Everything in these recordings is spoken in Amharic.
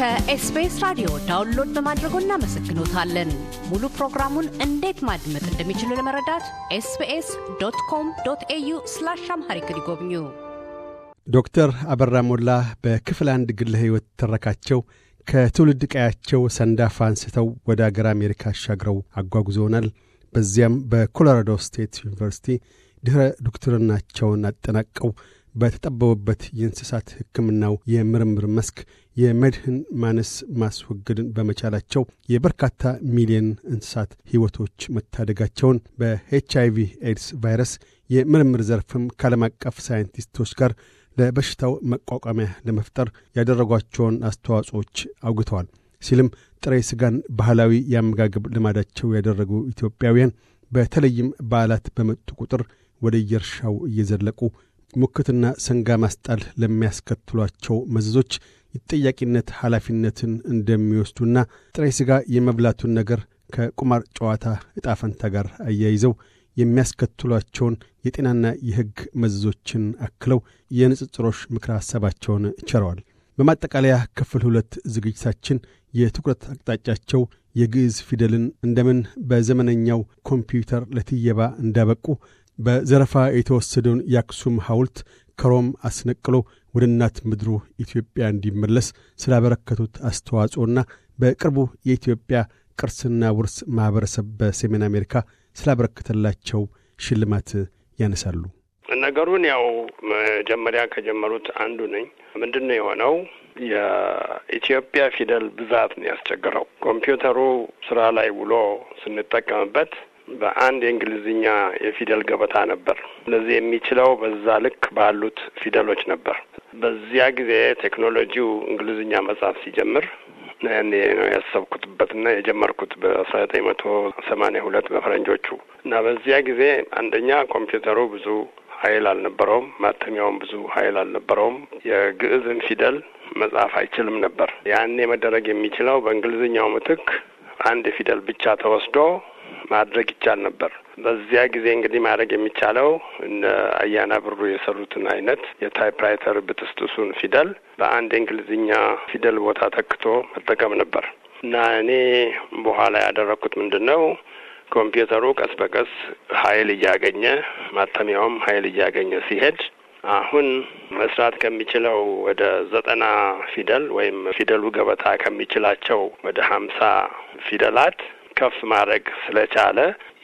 ከኤስቢኤስ ራዲዮ ዳውንሎድ በማድረጎ እናመሰግኖታለን። ሙሉ ፕሮግራሙን እንዴት ማድመጥ እንደሚችሉ ለመረዳት ኤስቢኤስ ዶት ኮም ዶት ኤዩ ስላሽ አምሃሪክ ይጎብኙ። ዶክተር አበራ ሞላ በክፍል አንድ ግለ ሕይወት ትረካቸው ከትውልድ ቀያቸው ሰንዳፋ አንስተው ወደ አገር አሜሪካ አሻግረው አጓጉዞናል በዚያም በኮሎራዶ ስቴት ዩኒቨርሲቲ ድኅረ ዶክትርናቸውን አጠናቀው በተጠበቡበት የእንስሳት ሕክምናው የምርምር መስክ የመድህን ማነስ ማስወገድን በመቻላቸው የበርካታ ሚሊዮን እንስሳት ሕይወቶች መታደጋቸውን በኤች ቪ ኤድስ ቫይረስ የምርምር ዘርፍም ከዓለም አቀፍ ሳይንቲስቶች ጋር ለበሽታው መቋቋሚያ ለመፍጠር ያደረጓቸውን አስተዋጽኦች አውግተዋል ሲልም ጥሬ ስጋን ባህላዊ የአመጋገብ ልማዳቸው ያደረጉ ኢትዮጵያውያን በተለይም በዓላት በመጡ ቁጥር ወደ የእርሻው እየዘለቁ ሙክትና ሰንጋ ማስጣል ለሚያስከትሏቸው መዘዞች የጠያቂነት ኃላፊነትን እንደሚወስዱና ጥሬ ሥጋ የመብላቱን ነገር ከቁማር ጨዋታ እጣፈንታ ጋር አያይዘው የሚያስከትሏቸውን የጤናና የሕግ መዘዞችን አክለው የንጽጽሮች ምክር ሐሳባቸውን ቸረዋል። በማጠቃለያ ክፍል ሁለት ዝግጅታችን የትኩረት አቅጣጫቸው የግዕዝ ፊደልን እንደምን በዘመነኛው ኮምፒውተር ለትየባ እንዳበቁ በዘረፋ የተወሰደውን የአክሱም ሐውልት ከሮም አስነቅሎ ወደ እናት ምድሩ ኢትዮጵያ እንዲመለስ ስላበረከቱት አስተዋጽኦና በቅርቡ የኢትዮጵያ ቅርስና ውርስ ማኅበረሰብ በሰሜን አሜሪካ ስላበረከተላቸው ሽልማት ያነሳሉ። ነገሩን ያው መጀመሪያ ከጀመሩት አንዱ ነኝ። ምንድን ነው የሆነው? የኢትዮጵያ ፊደል ብዛት ነው ያስቸግረው ኮምፒውተሩ ስራ ላይ ውሎ ስንጠቀምበት በአንድ የእንግሊዝኛ የፊደል ገበታ ነበር። ስለዚህ የሚችለው በዛ ልክ ባሉት ፊደሎች ነበር። በዚያ ጊዜ ቴክኖሎጂው እንግሊዝኛ መጽሐፍ ሲጀምር እኔ ነው ያሰብኩትበትና የጀመርኩት በአስራ ዘጠኝ መቶ ሰማኒያ ሁለት በፈረንጆቹ እና በዚያ ጊዜ አንደኛ ኮምፒውተሩ ብዙ ኃይል አልነበረውም። ማተሚያውም ብዙ ኃይል አልነበረውም። የግዕዝን ፊደል መጽሐፍ አይችልም ነበር። ያኔ መደረግ የሚችለው በእንግሊዝኛው ምትክ አንድ ፊደል ብቻ ተወስዶ ማድረግ ይቻል ነበር። በዚያ ጊዜ እንግዲህ ማድረግ የሚቻለው እነ አያና ብሩ የሰሩትን አይነት የታይፕራይተር ብጥስጥሱን ፊደል በአንድ የእንግሊዝኛ ፊደል ቦታ ተክቶ መጠቀም ነበር እና እኔ በኋላ ያደረግኩት ምንድን ነው ኮምፒውተሩ ቀስ በቀስ ኃይል እያገኘ ማተሚያውም ኃይል እያገኘ ሲሄድ አሁን መስራት ከሚችለው ወደ ዘጠና ፊደል ወይም ፊደሉ ገበታ ከሚችላቸው ወደ ሀምሳ ፊደላት ከፍ ማድረግ ስለቻለ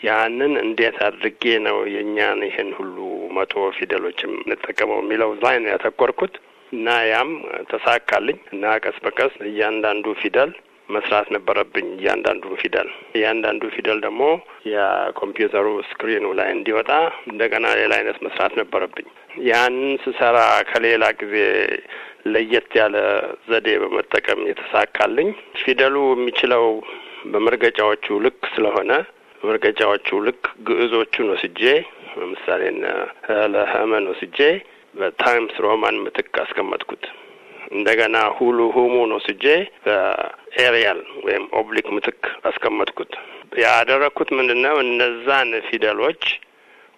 ያንን እንዴት አድርጌ ነው የእኛን ይህን ሁሉ መቶ ፊደሎችም እንጠቀመው የሚለው ላይ ነው ያተኮርኩት እና ያም ተሳካልኝ እና ቀስ በቀስ እያንዳንዱ ፊደል መስራት ነበረብኝ። እያንዳንዱ ፊደል እያንዳንዱ ፊደል ደግሞ የኮምፒውተሩ ስክሪኑ ላይ እንዲወጣ እንደገና ሌላ አይነት መስራት ነበረብኝ። ያንን ስሰራ ከሌላ ጊዜ ለየት ያለ ዘዴ በመጠቀም የተሳካልኝ ፊደሉ የሚችለው በመርገጫዎቹ ልክ ስለሆነ መርገጫዎቹ ልክ ግዕዞቹን ወስጄ ለምሳሌ ለህመን ወስጄ በታይምስ ሮማን ምትክ አስቀመጥኩት። እንደገና ሁሉ ሁሙን ወስጄ በኤሪያል ወይም ኦብሊክ ምትክ አስቀመጥኩት። ያደረግኩት ምንድን ነው? እነዛን ፊደሎች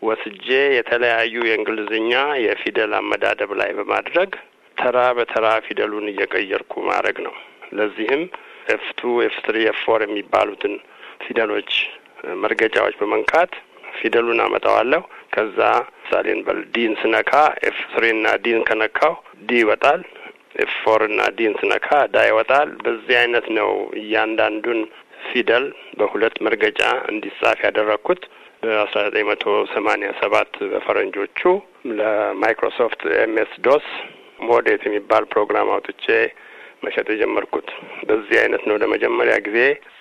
ወስጄ የተለያዩ የእንግሊዝኛ የፊደል አመዳደብ ላይ በማድረግ ተራ በተራ ፊደሉን እየቀየርኩ ማድረግ ነው። ለዚህም ኤፍ ቱ ኤፍ ስሪ ኤፍ ፎር የሚባሉትን ፊደሎች መርገጫዎች በመንካት ፊደሉን አመጣዋለሁ። ከዛ ምሳሌን በል ዲን ስነካ ኤፍ ስሪና ዲን ከነካው ዲ ይወጣል። ኤፍ ፎር እና ዲን ስነካ ዳ ይወጣል። በዚህ አይነት ነው እያንዳንዱን ፊደል በሁለት መርገጫ እንዲጻፍ ያደረግኩት በአስራ ዘጠኝ መቶ ሰማኒያ ሰባት በፈረንጆቹ ለማይክሮሶፍት ኤምኤስ ዶስ ሞዴት የሚባል ፕሮግራም አውጥቼ መሸጥ የጀመርኩት። በዚህ አይነት ነው ለመጀመሪያ ጊዜ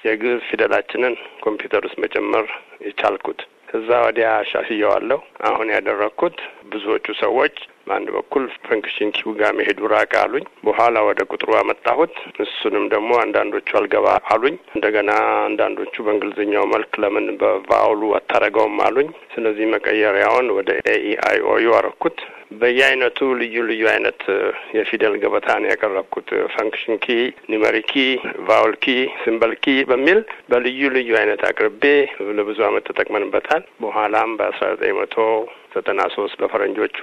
የግዕዝ ፊደላችንን ኮምፒውተር ውስጥ መጨመር የቻልኩት። ከዛ ወዲያ ሻሽየዋለሁ። አሁን ያደረግኩት ብዙዎቹ ሰዎች በአንድ በኩል ፈንክሽን ኪው ጋር መሄዱ ራቅ አሉኝ። በኋላ ወደ ቁጥሩ አመጣሁት። እሱንም ደግሞ አንዳንዶቹ አልገባ አሉኝ። እንደገና አንዳንዶቹ በእንግሊዝኛው መልክ ለምን በቫውሉ አታረገውም አሉኝ። ስለዚህ መቀየሪያውን ወደ ኤኢአይኦዩ አረኩት። በየአይነቱ ልዩ ልዩ አይነት የፊደል ገበታ ነው ያቀረብኩት። ፈንክሽን ኪ፣ ኒመሪ ኪ፣ ቫውል ኪ፣ ሲምበል ኪ በሚል በልዩ ልዩ አይነት አቅርቤ ለብዙ አመት ተጠቅመንበታል። በኋላም በአስራ ዘጠኝ መቶ ዘጠና ሶስት በፈረንጆቹ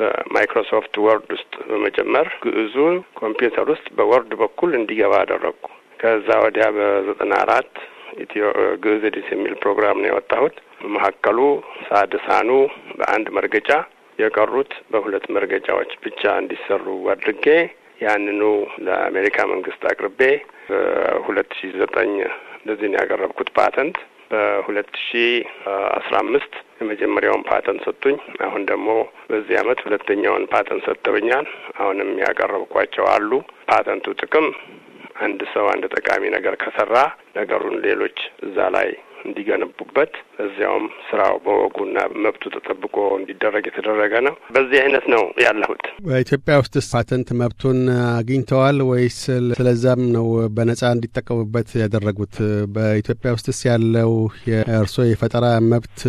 በማይክሮሶፍት ወርድ ውስጥ በመጨመር ግዕዙ ኮምፒውተር ውስጥ በወርድ በኩል እንዲገባ አደረግኩ። ከዛ ወዲያ በዘጠና አራት ኢትዮ ግዕዝ ዲስ የሚል ፕሮግራም ነው ያወጣሁት። መካከሉ ሳድሳኑ በአንድ መርገጫ የቀሩት በሁለት መርገጫዎች ብቻ እንዲሰሩ አድርጌ ያንኑ ለአሜሪካ መንግስት አቅርቤ በሁለት ሺ ዘጠኝ እንደዚህን ያቀረብኩት ፓተንት በሁለት ሺ አስራ አምስት የመጀመሪያውን ፓተንት ሰጡኝ። አሁን ደግሞ በዚህ አመት ሁለተኛውን ፓተንት ሰጥተውኛል። አሁንም ያቀረብኳቸው አሉ። ፓተንቱ ጥቅም አንድ ሰው አንድ ጠቃሚ ነገር ከሰራ ነገሩን ሌሎች እዛ ላይ እንዲገነቡበት እዚያውም ስራው በወጉና መብቱ ተጠብቆ እንዲደረግ የተደረገ ነው። በዚህ አይነት ነው ያለሁት። በኢትዮጵያ ውስጥስ ፓተንት መብቱን አግኝተዋል ወይስ ስለዛም ነው በነጻ እንዲጠቀሙበት ያደረጉት? በኢትዮጵያ ውስጥስ ያለው የእርሶ የፈጠራ መብት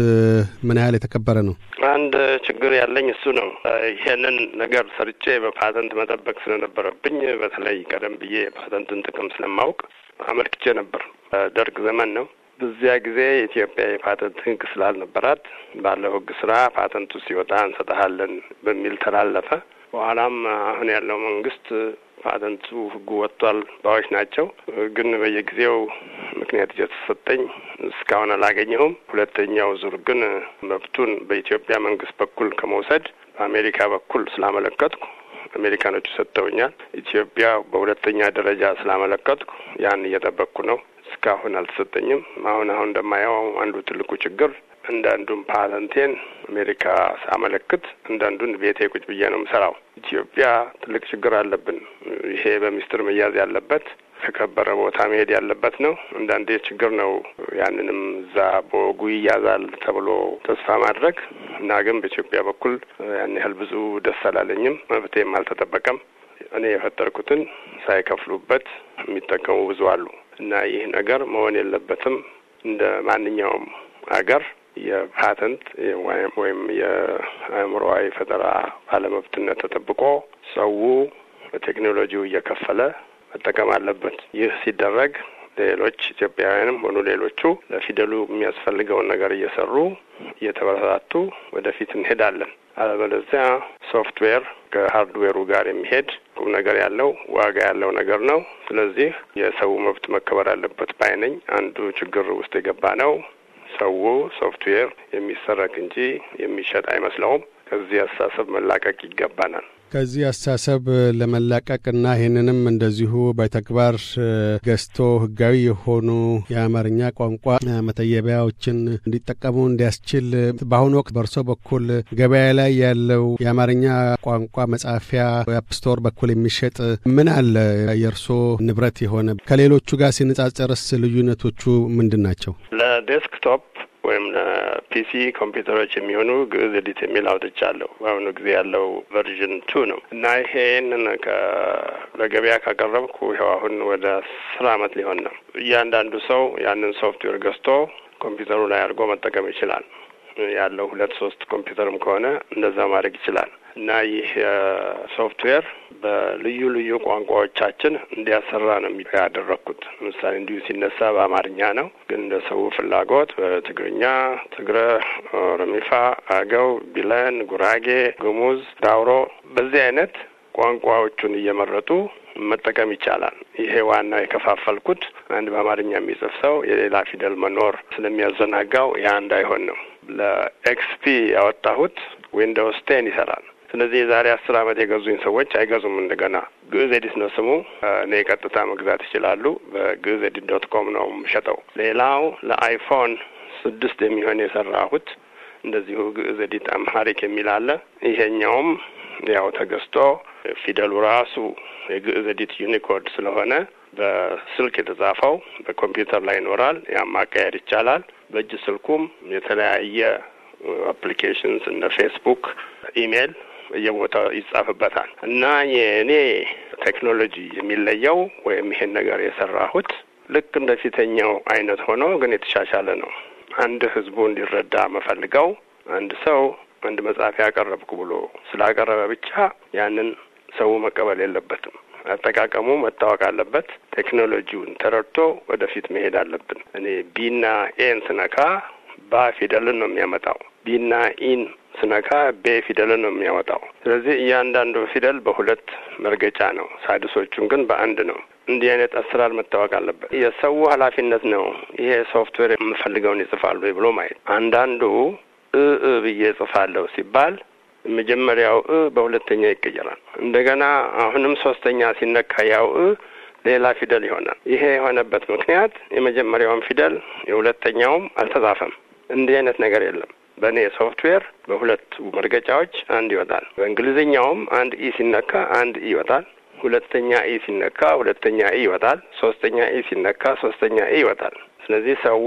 ምን ያህል የተከበረ ነው? አንድ ችግር ያለኝ እሱ ነው። ይሄንን ነገር ሰርጬ በፓተንት መጠበቅ ስለነበረብኝ በተለይ ቀደም ብዬ የፓተንትን ጥቅም ስለማወቅ አመልክቼ ነበር። ደርግ ዘመን ነው። በዚያ ጊዜ ኢትዮጵያ የፓተንት ህግ ስላልነበራት ባለው ህግ ስራ ፓተንቱ ሲወጣ እንሰጠሃለን በሚል ተላለፈ። በኋላም አሁን ያለው መንግስት ፓተንቱ ህጉ ወጥቷል ባዎች ናቸው። ግን በየጊዜው ምክንያት እየተሰጠኝ እስካሁን አላገኘሁም። ሁለተኛው ዙር ግን መብቱን በኢትዮጵያ መንግስት በኩል ከመውሰድ በአሜሪካ በኩል ስላመለከትኩ አሜሪካኖቹ ሰጥተውኛል። ኢትዮጵያ በሁለተኛ ደረጃ ስላመለከትኩ ያን እየጠበቅኩ ነው። እስካሁን አልተሰጠኝም። አሁን አሁን እንደማየው አንዱ ትልቁ ችግር እንዳንዱን ፓተንቴን አሜሪካ ሳመለክት አንዳንዱን ቤቴ ቁጭ ብዬ ነው የምሰራው። ኢትዮጵያ ትልቅ ችግር አለብን። ይሄ በሚስጥር መያዝ ያለበት ተከበረ ቦታ መሄድ ያለበት ነው። አንዳንዴ ችግር ነው። ያንንም እዛ በወጉ ይያዛል ተብሎ ተስፋ ማድረግ እና ግን በኢትዮጵያ በኩል ያን ያህል ብዙ ደስ አላለኝም። መብቴም አልተጠበቀም። እኔ የፈጠርኩትን ሳይከፍሉበት የሚጠቀሙ ብዙ አሉ። እና ይህ ነገር መሆን የለበትም። እንደ ማንኛውም አገር የፓተንት ወይም የአእምሮዊ ፈጠራ ባለመብትነት ተጠብቆ ሰው በቴክኖሎጂው እየከፈለ መጠቀም አለበት። ይህ ሲደረግ ሌሎች ኢትዮጵያውያንም ሆኑ ሌሎቹ ለፊደሉ የሚያስፈልገውን ነገር እየሰሩ እየተበረታቱ ወደፊት እንሄዳለን። አለበለዚያ ሶፍትዌር ከሀርድዌሩ ጋር የሚሄድ ቁም ነገር ያለው ዋጋ ያለው ነገር ነው። ስለዚህ የሰው መብት መከበር አለበት ባይ ነኝ። አንዱ ችግር ውስጥ የገባ ነው። ሰው ሶፍትዌር የሚሰረቅ እንጂ የሚሸጥ አይመስለውም። ከዚህ አስተሳሰብ መላቀቅ ይገባናል። ከዚህ አስተሳሰብ ለመላቀቅና ይህንንም እንደዚሁ በተግባር ገዝቶ ህጋዊ የሆኑ የአማርኛ ቋንቋ መተየቢያዎችን እንዲጠቀሙ እንዲያስችል በአሁኑ ወቅት በእርሶ በኩል ገበያ ላይ ያለው የአማርኛ ቋንቋ መጻፊያ አፕስቶር በኩል የሚሸጥ ምን አለ? የእርሶ ንብረት የሆነ ከሌሎቹ ጋር ሲነጻጸርስ ልዩነቶቹ ምንድን ናቸው? ለዴስክቶፕ ወይም ለፒሲ ኮምፒውተሮች የሚሆኑ ግዕዝ ኤዲት የሚል አውጥቻለሁ። በአሁኑ ጊዜ ያለው ቨርዥን ቱ ነው እና ይሄንን ለገበያ ካቀረብኩ ይኸው አሁን ወደ አስር አመት ሊሆን ነው። እያንዳንዱ ሰው ያንን ሶፍትዌር ገዝቶ ኮምፒውተሩ ላይ አድርጎ መጠቀም ይችላል። ያለው ሁለት ሶስት ኮምፒውተርም ከሆነ እንደዛ ማድረግ ይችላል። እና ይህ ሶፍትዌር በልዩ ልዩ ቋንቋዎቻችን እንዲያሰራ ነው ያደረግኩት። ለምሳሌ እንዲሁ ሲነሳ በአማርኛ ነው፣ ግን እንደ ሰው ፍላጎት በትግርኛ፣ ትግረ፣ ርሚፋ፣ አገው፣ ቢለን፣ ጉራጌ፣ ጉሙዝ፣ ዳውሮ በዚህ አይነት ቋንቋዎቹን እየመረጡ መጠቀም ይቻላል። ይሄ ዋናው የከፋፈልኩት አንድ በአማርኛ የሚጽፍ ሰው የሌላ ፊደል መኖር ስለሚያዘናጋው ያ እንዳይሆን ነው። ለኤክስፒ ያወጣሁት ዊንዶውስ ቴን ይሰራል። ስለዚህ የዛሬ አስር ዓመት የገዙኝ ሰዎች አይገዙም እንደገና። ግዕዝ ኤዲት ነው ስሙ። እኔ ቀጥታ መግዛት ይችላሉ። በግዕዝ ኤዲት ዶት ኮም ነው የምሸጠው። ሌላው ለአይፎን ስድስት የሚሆን የሰራሁት እንደዚሁ ግዕዝ ኤዲት አምሃሪክ የሚል አለ። ይሄኛውም ያው ተገዝቶ ፊደሉ ራሱ የግዕዝ ኤዲት ዩኒኮድ ስለሆነ በስልክ የተጻፈው በኮምፒውተር ላይ ይኖራል። ያም ማካሄድ ይቻላል። በእጅ ስልኩም የተለያየ አፕሊኬሽንስ እንደ ፌስቡክ፣ ኢሜይል በየቦታው ይጻፍበታል እና የእኔ ቴክኖሎጂ የሚለየው ወይም ይሄን ነገር የሰራሁት ልክ እንደ ፊተኛው አይነት ሆኖ ግን የተሻሻለ ነው። አንድ ህዝቡ እንዲረዳ መፈልገው አንድ ሰው አንድ መጽሐፍ ያቀረብኩ ብሎ ስላቀረበ ብቻ ያንን ሰው መቀበል የለበትም። አጠቃቀሙ መታወቅ አለበት። ቴክኖሎጂውን ተረድቶ ወደፊት መሄድ አለብን። እኔ ቢና ኤን ስነካ ባ ፊደልን ነው የሚያመጣው። ቢና ኢን ስነካ ቤ ፊደልን ነው የሚያወጣው። ስለዚህ እያንዳንዱ ፊደል በሁለት መርገጫ ነው፣ ሳድሶቹን ግን በአንድ ነው። እንዲህ አይነት አሰራር መታወቅ አለበት። የሰው ኃላፊነት ነው ይሄ ሶፍትዌር የምፈልገውን ይጽፋሉ ብሎ ማየት። አንዳንዱ እ እ ብዬ ጽፋለሁ ሲባል መጀመሪያው እ በሁለተኛ ይቀየራል። እንደገና አሁንም ሶስተኛ ሲነካ ያው እ ሌላ ፊደል ይሆናል። ይሄ የሆነበት ምክንያት የመጀመሪያውም ፊደል የሁለተኛውም አልተጻፈም። እንዲህ አይነት ነገር የለም። በእኔ ሶፍትዌር በሁለት መርገጫዎች አንድ ይወጣል። በእንግሊዝኛውም አንድ ኢ ሲነካ አንድ ኢ ይወጣል። ሁለተኛ ኢ ሲነካ ሁለተኛ ኢ ይወጣል። ሶስተኛ ኢ ሲነካ ሶስተኛ ኢ ይወጣል። ስለዚህ ሰው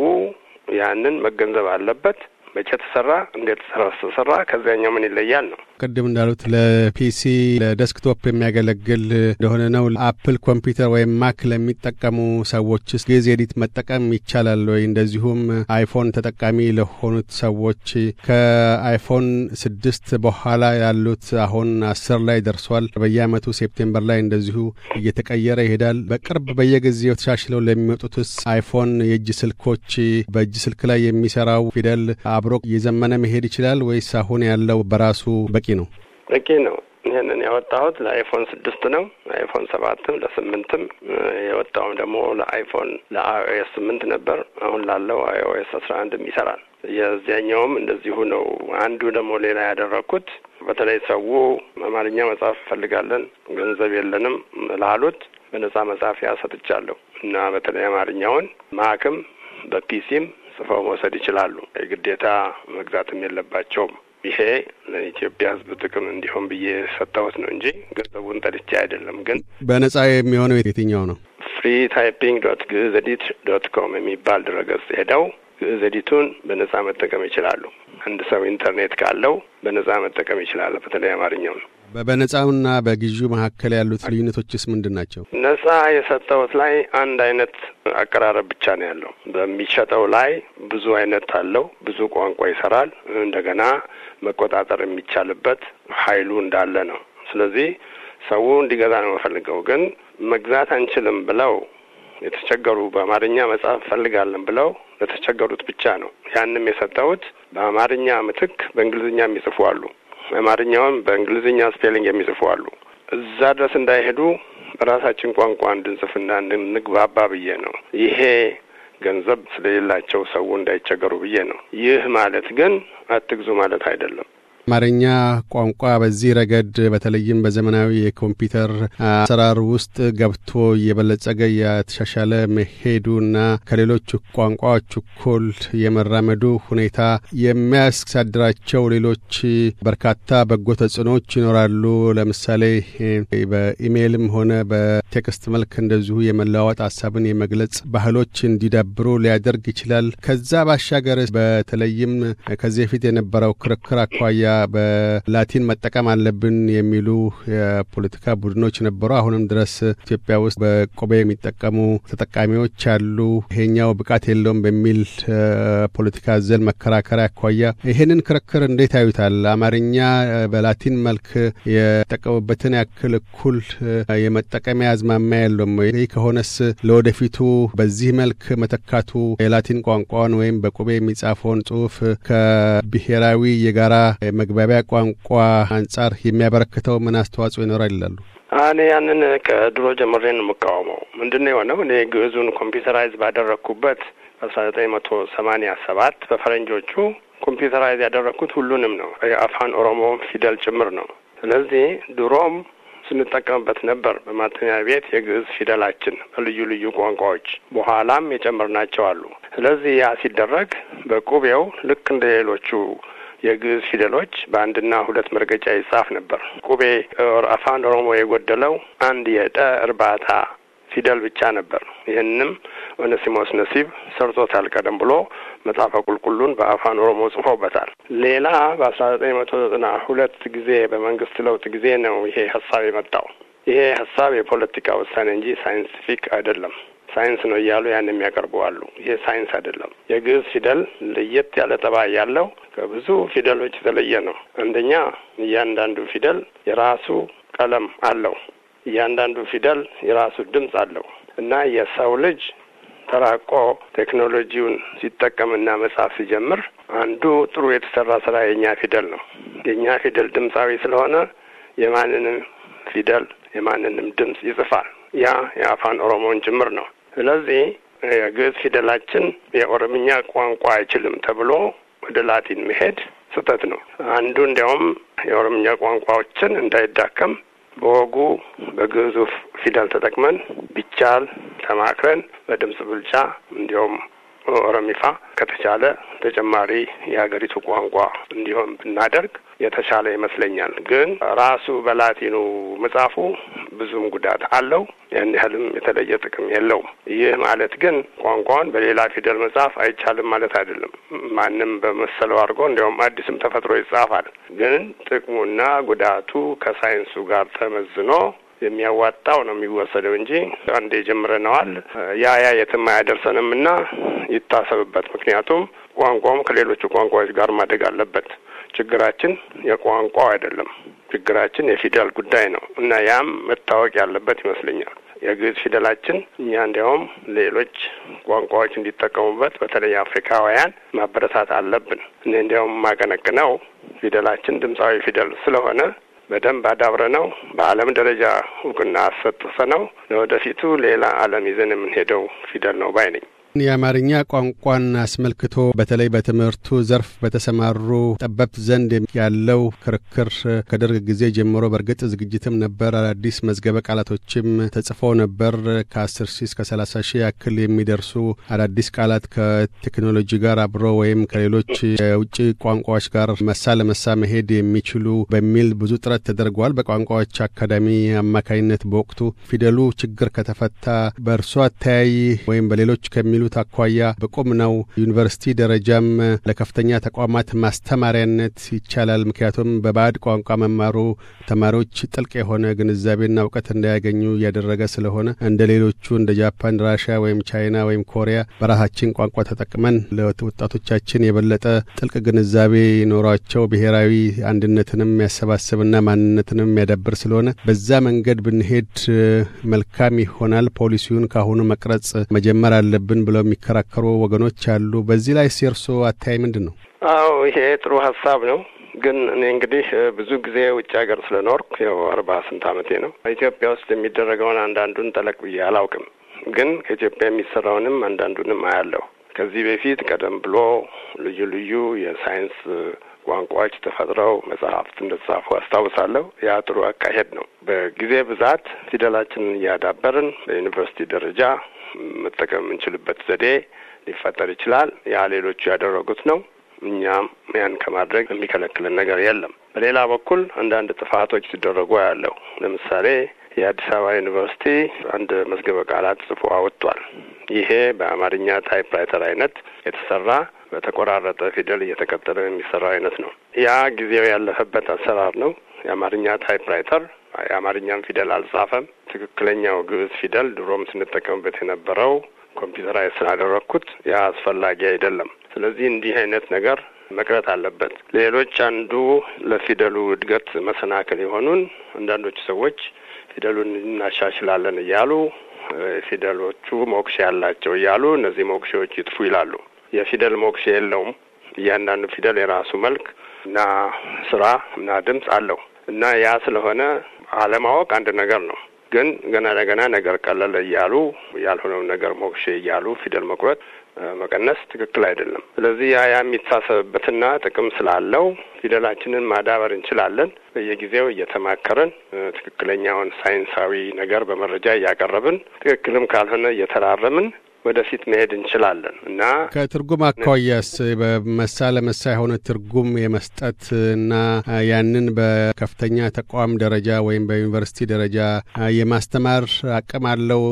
ያንን መገንዘብ አለበት። መቼ ተሰራ፣ እንዴት ተሰራ፣ ከዚያኛው ምን ይለያል ነው። ቅድም እንዳሉት ለፒሲ ለደስክቶፕ የሚያገለግል እንደሆነ ነው። አፕል ኮምፒውተር ወይም ማክ ለሚጠቀሙ ሰዎችስ ጊዝ ኤዲት መጠቀም ይቻላል ወይ? እንደዚሁም አይፎን ተጠቃሚ ለሆኑት ሰዎች ከአይፎን ስድስት በኋላ ያሉት አሁን አስር ላይ ደርሷል። በየአመቱ ሴፕቴምበር ላይ እንደዚሁ እየተቀየረ ይሄዳል። በቅርብ በየጊዜው ተሻሽለው ለሚወጡትስ አይፎን የእጅ ስልኮች በእጅ ስልክ ላይ የሚሰራው ፊደል አብሮ እየዘመነ መሄድ ይችላል ወይስ አሁን ያለው በራሱ በቂ ነው? በቂ ነው። ይህንን ያወጣሁት ለአይፎን ስድስት ነው። አይፎን ሰባትም ለስምንትም የወጣውም ደግሞ ለአይፎን ለአይኦኤስ ስምንት ነበር። አሁን ላለው አይኦኤስ አስራ አንድም ይሰራል። የዚያኛውም እንደዚሁ ነው። አንዱ ደግሞ ሌላ ያደረግኩት በተለይ ሰው አማርኛ መጽሐፍ እንፈልጋለን ገንዘብ የለንም ላሉት በነጻ መጻፊያ ሰጥቻለሁ እና በተለይ አማርኛውን ማክም በፒሲም ጽፈው መውሰድ ይችላሉ። የግዴታ መግዛትም የለባቸውም። ይሄ ለኢትዮጵያ ሕዝብ ጥቅም እንዲሆን ብዬ ሰጠሁት ነው እንጂ ገንዘቡን ጠልቼ አይደለም። ግን በነጻ የሚሆነው የትኛው ነው? ፍሪ ታይፒንግ ዶት ግዕዝ ዶት ኮም የሚባል ድረገጽ ሄደው ግዕዘዲቱን በነጻ መጠቀም ይችላሉ። አንድ ሰው ኢንተርኔት ካለው በነጻ መጠቀም ይችላል። በተለይ አማርኛው ነው። በነጻውና በግዢው መካከል ያሉት ልዩነቶችስ ምንድን ናቸው? ነጻ የሰጠውት ላይ አንድ አይነት አቀራረብ ብቻ ነው ያለው። በሚሸጠው ላይ ብዙ አይነት አለው። ብዙ ቋንቋ ይሰራል። እንደገና መቆጣጠር የሚቻልበት ኃይሉ እንዳለ ነው። ስለዚህ ሰው እንዲገዛ ነው የምፈልገው። ግን መግዛት አንችልም ብለው የተቸገሩ በአማርኛ መጽሐፍ ፈልጋለን ብለው ለተቸገሩት ብቻ ነው። ያንም የሰጠሁት በአማርኛ ምትክ በእንግሊዝኛ የሚጽፉ አሉ። አማርኛውን በእንግሊዝኛ ስፔሊንግ የሚጽፉ አሉ። እዛ ድረስ እንዳይሄዱ በራሳችን ቋንቋ እንድንጽፍና እንድንግባባ ብዬ ነው። ይሄ ገንዘብ ስለሌላቸው ሰው እንዳይቸገሩ ብዬ ነው። ይህ ማለት ግን አትግዙ ማለት አይደለም። አማርኛ ቋንቋ በዚህ ረገድ በተለይም በዘመናዊ የኮምፒውተር አሰራር ውስጥ ገብቶ እየበለጸገ የተሻሻለ መሄዱና ከሌሎች ቋንቋዎች እኩል የመራመዱ ሁኔታ የሚያሳድራቸው ሌሎች በርካታ በጎ ተጽዕኖዎች ይኖራሉ። ለምሳሌ በኢሜይልም ሆነ በቴክስት መልክ እንደዚሁ የመለዋወጥ ሀሳብን የመግለጽ ባህሎች እንዲዳብሩ ሊያደርግ ይችላል። ከዛ ባሻገር በተለይም ከዚህ በፊት የነበረው ክርክር አኳያ በላቲን መጠቀም አለብን የሚሉ የፖለቲካ ቡድኖች ነበሩ። አሁንም ድረስ ኢትዮጵያ ውስጥ በቆቤ የሚጠቀሙ ተጠቃሚዎች አሉ። ይሄኛው ብቃት የለውም በሚል ፖለቲካ ዘል መከራከሪያ አኳያ ይሄንን ክርክር እንዴት ያዩታል? አማርኛ በላቲን መልክ የጠቀሙበትን ያክል እኩል የመጠቀሚያ አዝማሚያ የለውም። ይህ ከሆነስ ለወደፊቱ በዚህ መልክ መተካቱ የላቲን ቋንቋን ወይም በቁቤ የሚጻፈውን ጽሁፍ ከብሔራዊ የጋራ መግባቢያ ቋንቋ አንጻር የሚያበረክተው ምን አስተዋጽኦ ይኖራል ይላሉ? እኔ ያንን ከድሮ ጀምሬን ነው የምቃወመው። ምንድነው የሆነው? እኔ ግዕዙን ኮምፒውተራይዝ ባደረግኩበት አስራ ዘጠኝ መቶ ሰማኒያ ሰባት በፈረንጆቹ ኮምፒውተራይዝ ያደረግኩት ሁሉንም ነው፣ የአፋን ኦሮሞ ፊደል ጭምር ነው። ስለዚህ ድሮም ስንጠቀምበት ነበር በማተሚያ ቤት የግዕዝ ፊደላችን በልዩ ልዩ ቋንቋዎች፣ በኋላም የጨመርናቸው አሉ። ስለዚህ ያ ሲደረግ በቁቤው ልክ እንደ ሌሎቹ የግዕዝ ፊደሎች በአንድና ሁለት መርገጫ ይጻፍ ነበር። ቁቤ አፋን ኦሮሞ የጎደለው አንድ የጠ እርባታ ፊደል ብቻ ነበር። ይህንም ኦነሲሞስ ነሲብ ሰርቶታል። ቀደም ብሎ መጽሐፈ ቁልቁሉን በአፋን ኦሮሞ ጽፎበታል። ሌላ በአስራ ዘጠኝ መቶ ዘጠና ሁለት ጊዜ በመንግስት ለውጥ ጊዜ ነው ይሄ ሀሳብ የመጣው። ይሄ ሀሳብ የፖለቲካ ውሳኔ እንጂ ሳይንቲፊክ አይደለም። ሳይንስ ነው እያሉ ያን የሚያቀርቡ አሉ። ይሄ ሳይንስ አይደለም። የግዕዝ ፊደል ለየት ያለ ጠባይ ያለው ከብዙ ፊደሎች የተለየ ነው። አንደኛ እያንዳንዱ ፊደል የራሱ ቀለም አለው። እያንዳንዱ ፊደል የራሱ ድምፅ አለው እና የሰው ልጅ ተራቆ ቴክኖሎጂውን ሲጠቀምና መጽሐፍ ሲጀምር አንዱ ጥሩ የተሰራ ስራ የእኛ ፊደል ነው። የእኛ ፊደል ድምፃዊ ስለሆነ የማንንም ፊደል የማንንም ድምፅ ይጽፋል። ያ የአፋን ኦሮሞውን ጭምር ነው። ስለዚህ የግዕዝ ፊደላችን የኦሮምኛ ቋንቋ አይችልም ተብሎ ወደ ላቲን መሄድ ስህተት ነው። አንዱ እንዲያውም የኦሮምኛ ቋንቋዎችን እንዳይዳከም በወጉ በግዙፍ ፊደል ተጠቅመን ቢቻል ተማክረን በድምፅ ብልጫ እንዲያውም ኦሮሚፋ ከተቻለ ተጨማሪ የሀገሪቱ ቋንቋ እንዲሆን ብናደርግ የተሻለ ይመስለኛል። ግን ራሱ በላቲኑ መጻፉ ብዙም ጉዳት አለው። ያን ያህልም የተለየ ጥቅም የለውም። ይህ ማለት ግን ቋንቋውን በሌላ ፊደል መጻፍ አይቻልም ማለት አይደለም። ማንም በመሰለው አድርጎ እንዲያውም አዲስም ተፈጥሮ ይጻፋል። ግን ጥቅሙና ጉዳቱ ከሳይንሱ ጋር ተመዝኖ የሚያዋጣው ነው የሚወሰደው እንጂ አንዴ ጀምረነዋል። ያ ያ የትም አያደርሰንም እና ይታሰብበት። ምክንያቱም ቋንቋውም ከሌሎቹ ቋንቋዎች ጋር ማደግ አለበት። ችግራችን የቋንቋው አይደለም፣ ችግራችን የፊደል ጉዳይ ነው እና ያም መታወቅ ያለበት ይመስለኛል። የግዕዝ ፊደላችን እኛ እንዲያውም ሌሎች ቋንቋዎች እንዲጠቀሙበት በተለይ አፍሪካውያን ማበረታት አለብን። እኔ እንዲያውም የማቀነቅነው ፊደላችን ድምፃዊ ፊደል ስለሆነ በደንብ አዳብረ ነው በዓለም ደረጃ እውቅና አሰጥተ ነው ለወደፊቱ ሌላ ዓለም ይዘን የምንሄደው ፊደል ነው ባይ ነኝ። የአማርኛ ቋንቋን አስመልክቶ በተለይ በትምህርቱ ዘርፍ በተሰማሩ ጠበብት ዘንድ ያለው ክርክር ከደርግ ጊዜ ጀምሮ በእርግጥ ዝግጅትም ነበር። አዳዲስ መዝገበ ቃላቶችም ተጽፈው ነበር። ከ10 እስከ 30 ሺህ ያክል የሚደርሱ አዳዲስ ቃላት ከቴክኖሎጂ ጋር አብሮ ወይም ከሌሎች የውጭ ቋንቋዎች ጋር መሳ ለመሳ መሄድ የሚችሉ በሚል ብዙ ጥረት ተደርጓል። በቋንቋዎች አካዳሚ አማካኝነት በወቅቱ ፊደሉ ችግር ከተፈታ በእርሷ አተያይ ወይም በሌሎች ከሚሉ ከሚሉት አኳያ ነው። ዩኒቨርሲቲ ደረጃም ለከፍተኛ ተቋማት ማስተማሪያነት ይቻላል። ምክንያቱም በባዕድ ቋንቋ መማሩ ተማሪዎች ጥልቅ የሆነ ግንዛቤና እውቀት እንዳያገኙ እያደረገ ስለሆነ እንደ ሌሎቹ እንደ ጃፓን፣ ራሽያ ወይም ቻይና ወይም ኮሪያ በራሳችን ቋንቋ ተጠቅመን ለወጣቶቻችን የበለጠ ጥልቅ ግንዛቤ ይኖሯቸው ብሔራዊ አንድነትንም የሚያሰባስብና ማንነትንም የሚያዳብር ስለሆነ በዛ መንገድ ብንሄድ መልካም ይሆናል። ፖሊሲውን ካሁኑ መቅረጽ መጀመር አለብን ብሎ ብለው የሚከራከሩ ወገኖች አሉ። በዚህ ላይ የእርሶ አታይ ምንድን ነው? አዎ ይሄ ጥሩ ሀሳብ ነው። ግን እኔ እንግዲህ ብዙ ጊዜ ውጭ ሀገር ስለኖርኩ ያው አርባ ስንት አመቴ ነው። ኢትዮጵያ ውስጥ የሚደረገውን አንዳንዱን ጠለቅ ብዬ አላውቅም፣ ግን ከኢትዮጵያ የሚሰራውንም አንዳንዱንም አያለሁ። ከዚህ በፊት ቀደም ብሎ ልዩ ልዩ የሳይንስ ቋንቋዎች ተፈጥረው መጽሐፍት እንደተጻፉ አስታውሳለሁ። ያ ጥሩ አካሄድ ነው። በጊዜ ብዛት ፊደላችንን እያዳበርን በዩኒቨርሲቲ ደረጃ መጠቀም የምንችልበት ዘዴ ሊፈጠር ይችላል። ያ ሌሎቹ ያደረጉት ነው። እኛም ያን ከማድረግ የሚከለክልን ነገር የለም። በሌላ በኩል አንዳንድ ጥፋቶች ሲደረጉ ያለው ለምሳሌ የአዲስ አበባ ዩኒቨርሲቲ አንድ መዝገበ ቃላት ጽፎ አወጥቷል። ይሄ በአማርኛ ታይፕራይተር አይነት የተሰራ በተቆራረጠ ፊደል እየተቀጠለ የሚሰራ አይነት ነው። ያ ጊዜው ያለፈበት አሰራር ነው። የአማርኛ ታይፕራይተር የአማርኛም ፊደል አልጻፈም። ትክክለኛው ግዕዝ ፊደል ድሮም ስንጠቀምበት የነበረው ኮምፒውተራዊ ስላደረግኩት ያ አስፈላጊ አይደለም። ስለዚህ እንዲህ አይነት ነገር መቅረት አለበት። ሌሎች አንዱ ለፊደሉ እድገት መሰናክል የሆኑን አንዳንዶቹ ሰዎች ፊደሉን እናሻሽላለን እያሉ ፊደሎቹ ሞክሼ ያላቸው እያሉ እነዚህ ሞክሼዎች ይጥፉ ይላሉ። የፊደል ሞክሼ የለውም። እያንዳንዱ ፊደል የራሱ መልክ እና ስራ እና ድምፅ አለው እና ያ ስለሆነ አለማወቅ አንድ ነገር ነው። ግን ገና ለገና ነገር ቀለለ እያሉ ያልሆነውን ነገር ሞክሼ እያሉ ፊደል መቁረጥ መቀነስ ትክክል አይደለም። ስለዚህ ያ ያ የሚታሰብበትና ጥቅም ስላለው ፊደላችንን ማዳበር እንችላለን። በየጊዜው እየተማከርን ትክክለኛውን ሳይንሳዊ ነገር በመረጃ እያቀረብን ትክክልም ካልሆነ እየተራረምን ወደፊት መሄድ እንችላለን እና ከትርጉም አኳያስ በመሳ ለመሳ የሆነ ትርጉም የመስጠት እና ያንን በከፍተኛ ተቋም ደረጃ ወይም በዩኒቨርሲቲ ደረጃ የማስተማር አቅም አለው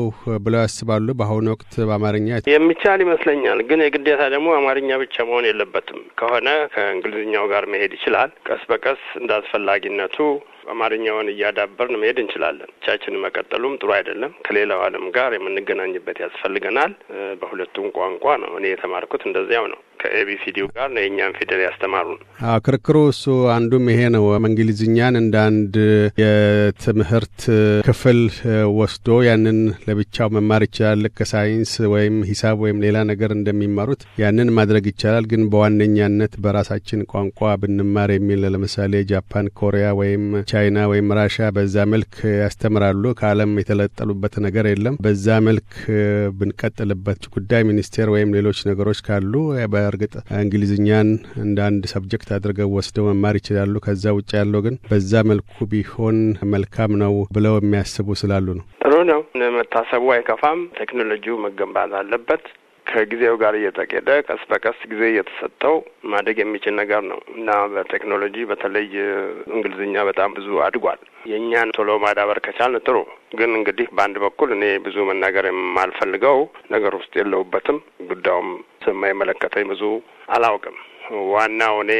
ብለው ያስባሉ? በአሁኑ ወቅት በአማርኛ የሚቻል ይመስለኛል። ግን የግዴታ ደግሞ አማርኛ ብቻ መሆን የለበትም። ከሆነ ከእንግሊዝኛው ጋር መሄድ ይችላል። ቀስ በቀስ እንዳስፈላጊነቱ አማርኛውን እያዳበርን መሄድ እንችላለን። ብቻችን መቀጠሉም ጥሩ አይደለም። ከሌላው ዓለም ጋር የምንገናኝበት ያስፈልገናል። በሁለቱም ቋንቋ ነው። እኔ የተማርኩት እንደዚያው ነው። ከኤቢሲዲው ጋር ነው የእኛን ፊደል ያስተማሩን። ክርክሩ እሱ አንዱም ይሄ ነው። እንግሊዝኛን እንደ አንድ የትምህርት ክፍል ወስዶ ያንን ለብቻው መማር ይችላል። ልክ ሳይንስ ወይም ሂሳብ ወይም ሌላ ነገር እንደሚማሩት ያንን ማድረግ ይቻላል። ግን በዋነኛነት በራሳችን ቋንቋ ብንማር የሚል ለምሳሌ ጃፓን፣ ኮሪያ ወይም ቻይና ወይም ራሻ በዛ መልክ ያስተምራሉ። ከዓለም የተለጠሉበት ነገር የለም። በዛ መልክ ብንቀጥልበት ጉዳይ ሚኒስቴር ወይም ሌሎች ነገሮች ካሉ በእርግጥ እንግሊዝኛን እንደ አንድ ሰብጀክት አድርገው ወስደው መማር ይችላሉ። ከዛ ውጭ ያለው ግን በዛ መልኩ ቢሆን መልካም ነው ብለው የሚያስቡ ስላሉ ነው። ጥሩ ነው፣ መታሰቡ አይከፋም። ቴክኖሎጂው መገንባት አለበት። ከጊዜው ጋር እየተቄደ ቀስ በቀስ ጊዜ እየተሰጠው ማደግ የሚችል ነገር ነው እና በቴክኖሎጂ በተለይ እንግሊዝኛ በጣም ብዙ አድጓል። የእኛን ቶሎ ማዳበር ከቻልን ጥሩ። ግን እንግዲህ በአንድ በኩል እኔ ብዙ መናገር የማልፈልገው ነገር ውስጥ የለውበትም ጉዳዩም የማይመለከተኝ ብዙ አላውቅም። ዋናው እኔ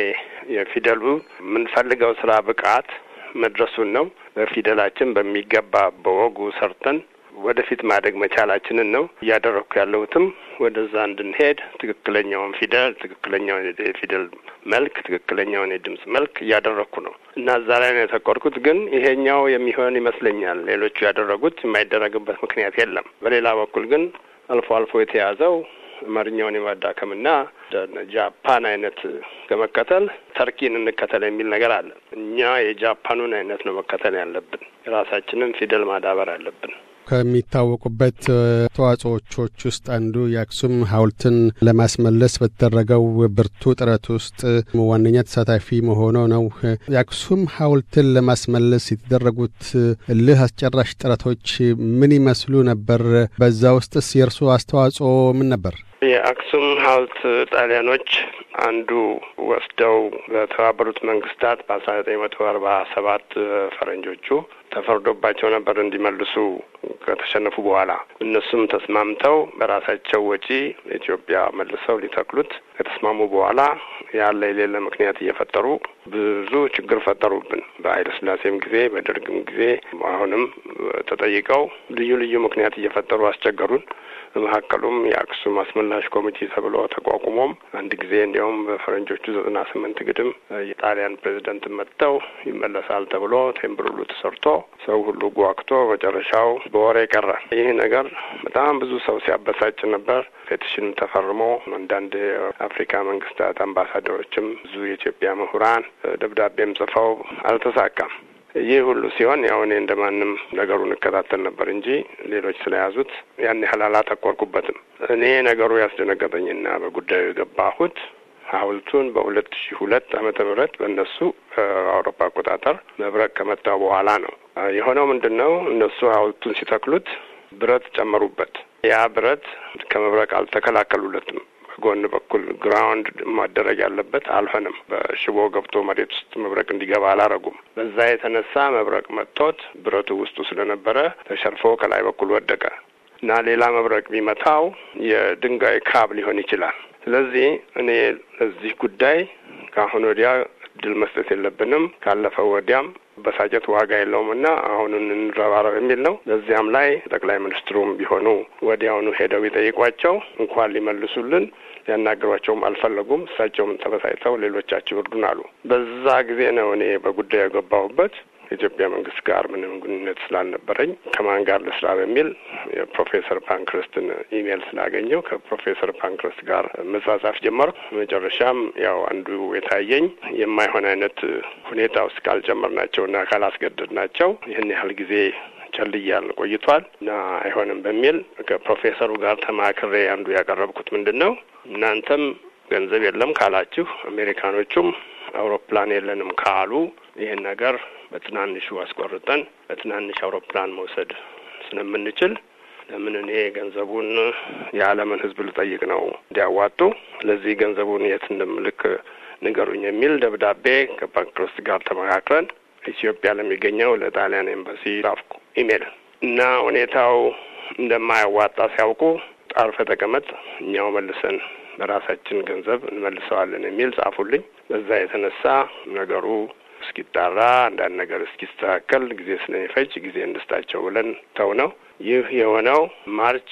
የፊደሉ የምንፈልገው ስራ ብቃት መድረሱን ነው። በፊደላችን በሚገባ በወጉ ሰርተን ወደፊት ማደግ መቻላችንን ነው እያደረግኩ ያለሁትም ወደዛ እንድንሄድ ትክክለኛውን ፊደል ትክክለኛውን የፊደል መልክ ትክክለኛውን የድምጽ መልክ እያደረግኩ ነው እና እዛ ላይ ነው የተቆርኩት። ግን ይሄኛው የሚሆን ይመስለኛል። ሌሎቹ ያደረጉት የማይደረግበት ምክንያት የለም። በሌላ በኩል ግን አልፎ አልፎ የተያዘው አማርኛውን የማዳከምና ጃፓን አይነት ከመከተል ተርኪን እንከተል የሚል ነገር አለ። እኛ የጃፓኑን አይነት ነው መከተል ያለብን። የራሳችንን ፊደል ማዳበር አለብን። ከሚታወቁበት ተዋጽኦቾች ውስጥ አንዱ የአክሱም ሐውልትን ለማስመለስ በተደረገው ብርቱ ጥረት ውስጥ ዋነኛ ተሳታፊ መሆኖ ነው። የአክሱም ሐውልትን ለማስመለስ የተደረጉት እልህ አስጨራሽ ጥረቶች ምን ይመስሉ ነበር? በዛ ውስጥስ የእርሶ አስተዋጽኦ ምን ነበር? የአክሱም ሐውልት ጣሊያኖች አንዱ ወስደው በተባበሩት መንግስታት በአስራ ዘጠኝ መቶ አርባ ሰባት ፈረንጆቹ ተፈርዶባቸው ነበር እንዲመልሱ ከተሸነፉ በኋላ እነሱም ተስማምተው በራሳቸው ወጪ ኢትዮጵያ መልሰው ሊተክሉት ከተስማሙ በኋላ ያለ የሌለ ምክንያት እየፈጠሩ ብዙ ችግር ፈጠሩብን። በኃይለ ሥላሴም ጊዜ በደርግም ጊዜ አሁንም ተጠይቀው ልዩ ልዩ ምክንያት እየፈጠሩ አስቸገሩን። መካከሉም የአክሱም አስመላሽ ኮሚቴ ተብሎ ተቋቁሞም አንድ ጊዜ እንዲያውም በፈረንጆቹ ዘጠና ስምንት ግድም የጣሊያን ፕሬዚደንት መጥተው ይመለሳል ተብሎ ቴምብርሉ ተሰርቶ ሰው ሁሉ ጓግቶ መጨረሻው በወሬ ቀረ። ይህ ነገር በጣም ብዙ ሰው ሲያበሳጭ ነበር። ፔቲሽንም ተፈርሞ አንዳንድ የአፍሪካ መንግስታት አምባሳደሮችም ብዙ የኢትዮጵያ ምሁራን ደብዳቤም ጽፈው አልተሳካም። ይህ ሁሉ ሲሆን ያው እኔ እንደማንም ነገሩን እከታተል ነበር እንጂ ሌሎች ስለያዙት ያን ያህል አላተኮርኩበትም። እኔ ነገሩ ያስደነገጠኝና በጉዳዩ የገባሁት ሐውልቱን በሁለት ሺ ሁለት አመተ ምህረት በእነሱ አውሮፓ አቆጣጠር መብረቅ ከመጣ በኋላ ነው የሆነው። ምንድን ነው እነሱ ሐውልቱን ሲተክሉት ብረት ጨመሩበት። ያ ብረት ከመብረቅ አልተከላከሉለትም። ጎን በኩል ግራውንድ ማደረግ ያለበት አልፈንም። በሽቦ ገብቶ መሬት ውስጥ መብረቅ እንዲገባ አላረጉም። በዛ የተነሳ መብረቅ መጥቶት ብረቱ ውስጡ ስለነበረ ተሸርፎ ከላይ በኩል ወደቀ እና ሌላ መብረቅ ቢመታው የድንጋይ ካብ ሊሆን ይችላል። ስለዚህ እኔ ለዚህ ጉዳይ ከአሁን ወዲያ እድል መስጠት የለብንም ካለፈው ወዲያም በሳጨት ዋጋ የለውም እና አሁኑን እንረባረብ የሚል ነው። በዚያም ላይ ጠቅላይ ሚኒስትሩም ቢሆኑ ወዲያውኑ ሄደው ቢጠይቋቸው እንኳን ሊመልሱልን ሊያናግሯቸውም አልፈለጉም። እሳቸውም ተበሳጭተው ሌሎቻችሁ እርዱን አሉ። በዛ ጊዜ ነው እኔ በጉዳዩ የገባሁበት። ከኢትዮጵያ መንግስት ጋር ምንም ግንኙነት ስላልነበረኝ ከማን ጋር ልስራ በሚል የፕሮፌሰር ፓንክረስትን ኢሜይል ስላገኘው ከፕሮፌሰር ፓንክረስት ጋር መጻጻፍ ጀመር። መጨረሻም ያው አንዱ የታየኝ የማይሆን አይነት ሁኔታ ውስጥ ካላስገድድ ናቸው። ይህን ያህል ጊዜ ቸልያል ቆይቷል እና አይሆንም በሚል ከፕሮፌሰሩ ጋር ተማክሬ አንዱ ያቀረብኩት ምንድን ነው እናንተም ገንዘብ የለም ካላችሁ፣ አሜሪካኖቹም አውሮፕላን የለንም ካሉ ይህን ነገር በትናንሹ አስቆርጠን በትናንሽ አውሮፕላን መውሰድ ስለምንችል ለምን እኔ ገንዘቡን የዓለምን ሕዝብ ልጠይቅ ነው እንዲያዋጡ ለዚህ ገንዘቡን የት እንደምልክ ንገሩኝ የሚል ደብዳቤ ከባንክሮስ ጋር ተመካክረን ኢትዮጵያ ለሚገኘው ለጣሊያን ኤምባሲ ላፍኩ ኢሜል እና ሁኔታው እንደማያዋጣ ሲያውቁ ጣርፈ ተቀመጥ፣ እኛው መልሰን በራሳችን ገንዘብ እንመልሰዋለን የሚል ጻፉልኝ። በዛ የተነሳ ነገሩ እስኪጣራ አንዳንድ ነገር እስኪስተካከል ጊዜ ስለሚፈጅ ጊዜ እንድስታቸው ብለን ተው ነው። ይህ የሆነው ማርች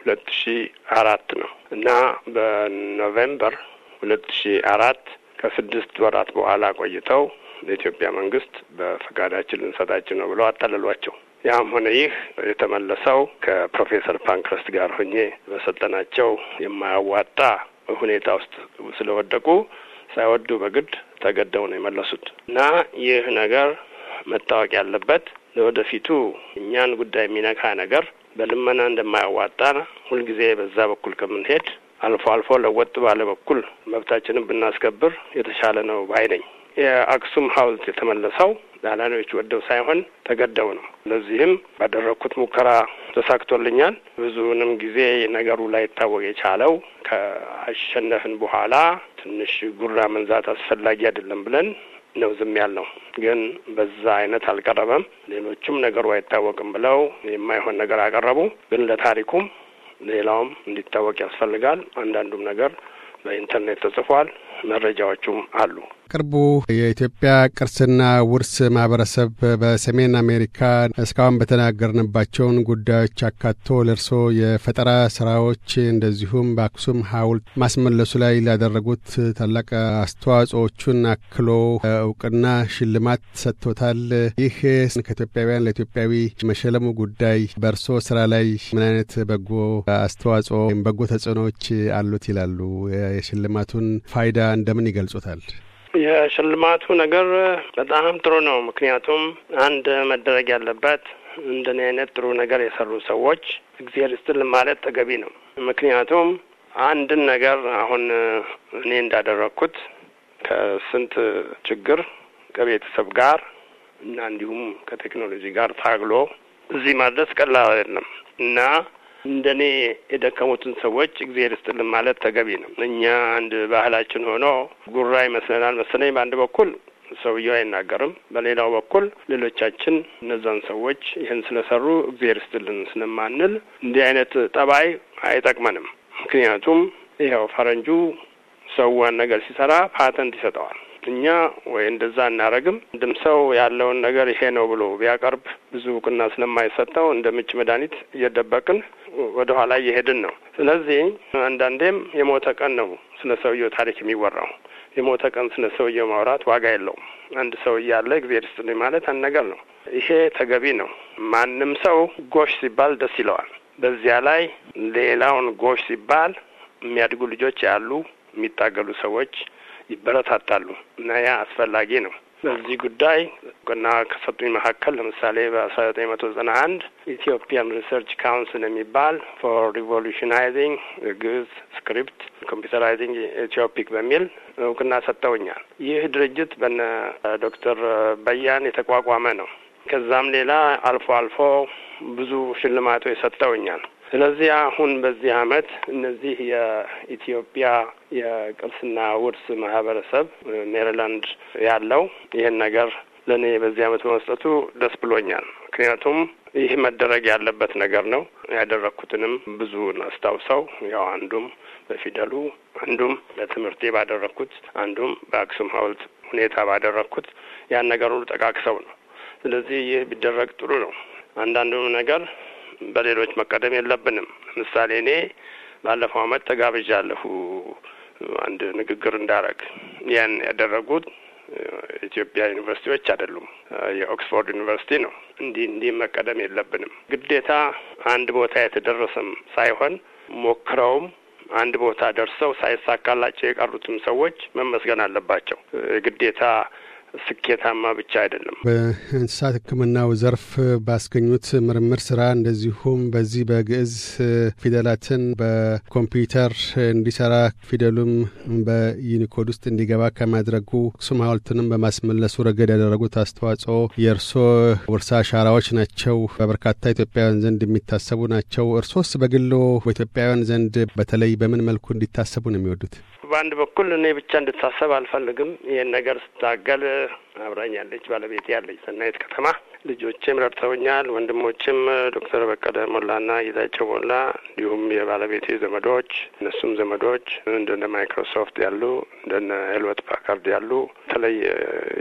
ሁለት ሺ አራት ነው እና በኖቬምበር ሁለት ሺ አራት ከስድስት ወራት በኋላ ቆይተው ለኢትዮጵያ መንግስት በፈቃዳችን ልንሰጣችን ነው ብለው አታለሏቸው። ያም ሆነ ይህ የተመለሰው ከፕሮፌሰር ፓንክረስት ጋር ሆኜ በሰጠናቸው የማያዋጣ ሁኔታ ውስጥ ስለወደቁ ሳይወዱ በግድ ተገደው ነው የመለሱት እና ይህ ነገር መታወቅ ያለበት ለወደፊቱ እኛን ጉዳይ የሚነካ ነገር በልመና እንደማያዋጣ ሁልጊዜ በዛ በኩል ከምንሄድ አልፎ አልፎ ለወጥ ባለ በኩል መብታችንን ብናስከብር የተሻለ ነው ባይ ነኝ። የአክሱም ሐውልት የተመለሰው ጣሊያኖች ወደው ሳይሆን ተገደው ነው። ለዚህም ባደረግኩት ሙከራ ተሳክቶልኛል። ብዙውንም ጊዜ ነገሩ ላይታወቅ የቻለው ከአሸነፍን በኋላ ትንሽ ጉራ መንዛት አስፈላጊ አይደለም ብለን ነው ዝም ያልነው። ግን በዛ አይነት አልቀረበም። ሌሎቹም ነገሩ አይታወቅም ብለው የማይሆን ነገር አቀረቡ። ግን ለታሪኩም ሌላውም እንዲታወቅ ያስፈልጋል። አንዳንዱም ነገር በኢንተርኔት ተጽፏል። መረጃዎቹም አሉ። በቅርቡ የኢትዮጵያ ቅርስና ውርስ ማህበረሰብ በሰሜን አሜሪካ እስካሁን በተናገርንባቸውን ጉዳዮች አካቶ ለርሶ የፈጠራ ስራዎች እንደዚሁም በአክሱም ሐውልት ማስመለሱ ላይ ላደረጉት ታላቅ አስተዋጽኦቹን አክሎ እውቅና ሽልማት ሰጥቶታል። ይህ ከኢትዮጵያውያን ለኢትዮጵያዊ መሸለሙ ጉዳይ በእርሶ ስራ ላይ ምን አይነት በጎ አስተዋጽኦ ወይም በጎ ተጽዕኖዎች አሉት ይላሉ? የሽልማቱን ፋይዳ እንደምን ይገልጹታል? የሽልማቱ ነገር በጣም ጥሩ ነው። ምክንያቱም አንድ መደረግ ያለበት እንደኔ አይነት ጥሩ ነገር የሰሩ ሰዎች እግዚአብሔር ይስጥልን ማለት ተገቢ ነው። ምክንያቱም አንድን ነገር አሁን እኔ እንዳደረግኩት ከስንት ችግር ከቤተሰብ ጋር እና እንዲሁም ከቴክኖሎጂ ጋር ታግሎ እዚህ ማድረስ ቀላል አይደለም እና እንደኔ የደከሙትን ሰዎች እግዜር ይስጥልን ማለት ተገቢ ነው። እኛ አንድ ባህላችን ሆኖ ጉራ ይመስለናል መሰለኝ በአንድ በኩል ሰውየው አይናገርም፣ በሌላው በኩል ሌሎቻችን እነዛን ሰዎች ይህን ስለሰሩ እግዜር ይስጥልን ስለማንል እንዲህ አይነት ጠባይ አይጠቅመንም። ምክንያቱም ይኸው ፈረንጁ ሰዋን ነገር ሲሰራ ፓተንት ይሰጠዋል። እኛ ወይ እንደዛ እናረግም። አንድም ሰው ያለውን ነገር ይሄ ነው ብሎ ቢያቀርብ ብዙ እውቅና ስለማይሰጠው እንደ ምች መድኃኒት እየደበቅን ወደ ኋላ እየሄድን ነው። ስለዚህ አንዳንዴም የሞተ ቀን ነው ስለ ሰውየው ታሪክ የሚወራው። የሞተ ቀን ስለ ሰውየው ማውራት ዋጋ የለውም። አንድ ሰው እያለ እግዜር ይስጥልኝ ማለት አንድ ነገር ነው። ይሄ ተገቢ ነው። ማንም ሰው ጎሽ ሲባል ደስ ይለዋል። በዚያ ላይ ሌላውን ጎሽ ሲባል የሚያድጉ ልጆች ያሉ የሚታገሉ ሰዎች ይበረታታሉ እና ያ አስፈላጊ ነው። በዚህ ጉዳይ እውቅና ከሰጡኝ መካከል ለምሳሌ በአስራ ዘጠኝ መቶ ዘጠና አንድ ኢትዮጵያን ሪሰርች ካውንስል የሚባል ፎር ሪቮሉሽናይዚንግ ግዕዝ ስክሪፕት ኮምፒውተራይዚንግ ኢትዮፒክ በሚል እውቅና ሰጠውኛል። ይህ ድርጅት በነ ዶክተር በያን የተቋቋመ ነው። ከዛም ሌላ አልፎ አልፎ ብዙ ሽልማቶች ሰጠውኛል። ስለዚህ አሁን በዚህ አመት እነዚህ የኢትዮጵያ የቅርስና ውርስ ማህበረሰብ ሜሪላንድ ያለው ይህን ነገር ለእኔ በዚህ አመት በመስጠቱ ደስ ብሎኛል። ምክንያቱም ይህ መደረግ ያለበት ነገር ነው። ያደረግኩትንም ብዙ አስታውሰው ያው አንዱም በፊደሉ አንዱም ለትምህርቴ ባደረግኩት አንዱም በአክሱም ሐውልት ሁኔታ ባደረግኩት ያን ነገር ሁሉ ጠቃቅሰው ነው። ስለዚህ ይህ ቢደረግ ጥሩ ነው። አንዳንዱ ነገር በሌሎች መቀደም የለብንም። ምሳሌ እኔ ባለፈው አመት ተጋብዣለሁ አንድ ንግግር እንዳረግ ያን ያደረጉት ኢትዮጵያ ዩኒቨርሲቲዎች አይደሉም፣ የኦክስፎርድ ዩኒቨርሲቲ ነው። እንዲህ እንዲህ መቀደም የለብንም ግዴታ አንድ ቦታ የተደረሰም ሳይሆን ሞክረውም አንድ ቦታ ደርሰው ሳይሳካላቸው የቀሩትም ሰዎች መመስገን አለባቸው። ግዴታ ስኬታማ ብቻ አይደለም። በእንስሳት ሕክምናው ዘርፍ ባስገኙት ምርምር ስራ እንደዚሁም በዚህ በግዕዝ ፊደላትን በኮምፒውተር እንዲሰራ ፊደሉም በዩኒኮድ ውስጥ እንዲገባ ከማድረጉ አክሱም ሀውልትንም በማስመለሱ ረገድ ያደረጉት አስተዋጽኦ የእርሶ ውርሳ አሻራዎች ናቸው። በበርካታ ኢትዮጵያውያን ዘንድ የሚታሰቡ ናቸው። እርሶስ በግሎ በኢትዮጵያውያን ዘንድ በተለይ በምን መልኩ እንዲታሰቡ ነው የሚወዱት? በአንድ በኩል እኔ ብቻ እንድታሰብ አልፈልግም። ይህን ነገር ስታገል አብራኝ ያለች ባለቤቴ ያለች ሰናይት ከተማ፣ ልጆችም ረድተውኛል። ወንድሞችም ዶክተር በቀለ ሞላና ጌታቸው ሞላ እንዲሁም የባለቤቴ ዘመዶች እነሱም ዘመዶች እንደነ ማይክሮሶፍት ያሉ እንደነ ሄልወት ፓካርድ ያሉ በተለይ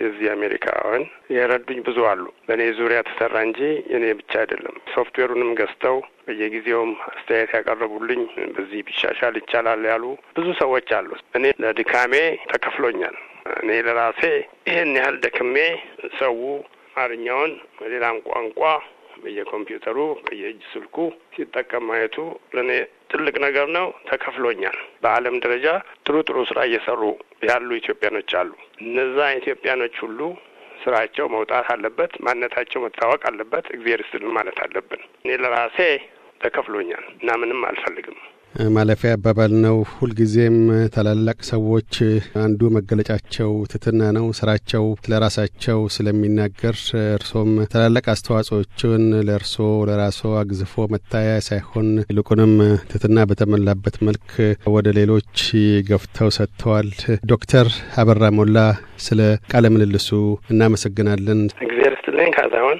የዚህ አሜሪካውያን የረዱኝ ብዙ አሉ። በእኔ ዙሪያ ተሰራ እንጂ እኔ ብቻ አይደለም። ሶፍትዌሩንም ገዝተው በየጊዜውም አስተያየት ያቀረቡልኝ በዚህ ቢሻሻል ይቻላል ያሉ ብዙ ሰዎች አሉ። እኔ ለድካሜ ተከፍሎኛል። እኔ ለራሴ ይህን ያህል ደክሜ ሰው አማርኛውን በሌላም ቋንቋ በየኮምፒውተሩ በየእጅ ስልኩ ሲጠቀም ማየቱ ለእኔ ትልቅ ነገር ነው። ተከፍሎኛል። በዓለም ደረጃ ጥሩ ጥሩ ስራ እየሰሩ ያሉ ኢትዮጵያኖች አሉ። እነዛ ኢትዮጵያኖች ሁሉ ስራቸው መውጣት አለበት፣ ማንነታቸው መታወቅ አለበት። እግዜር ይስጥልን ማለት አለብን። እኔ ለራሴ ተከፍሎኛል እና ምንም አልፈልግም። ማለፊያ አባባል ነው። ሁልጊዜም ታላላቅ ሰዎች አንዱ መገለጫቸው ትትና ነው። ስራቸው ለራሳቸው ስለሚናገር እርሶም ታላላቅ አስተዋጽኦችን ለእርሶ ለራሶ አግዝፎ መታያ ሳይሆን ይልቁንም ትትና በተሞላበት መልክ ወደ ሌሎች ገፍተው ሰጥተዋል። ዶክተር አበራ ሞላ ስለ ቃለ ምልልሱ እናመሰግናለን። እግዚአብሔር ይስጥልኝ ካሳሁን።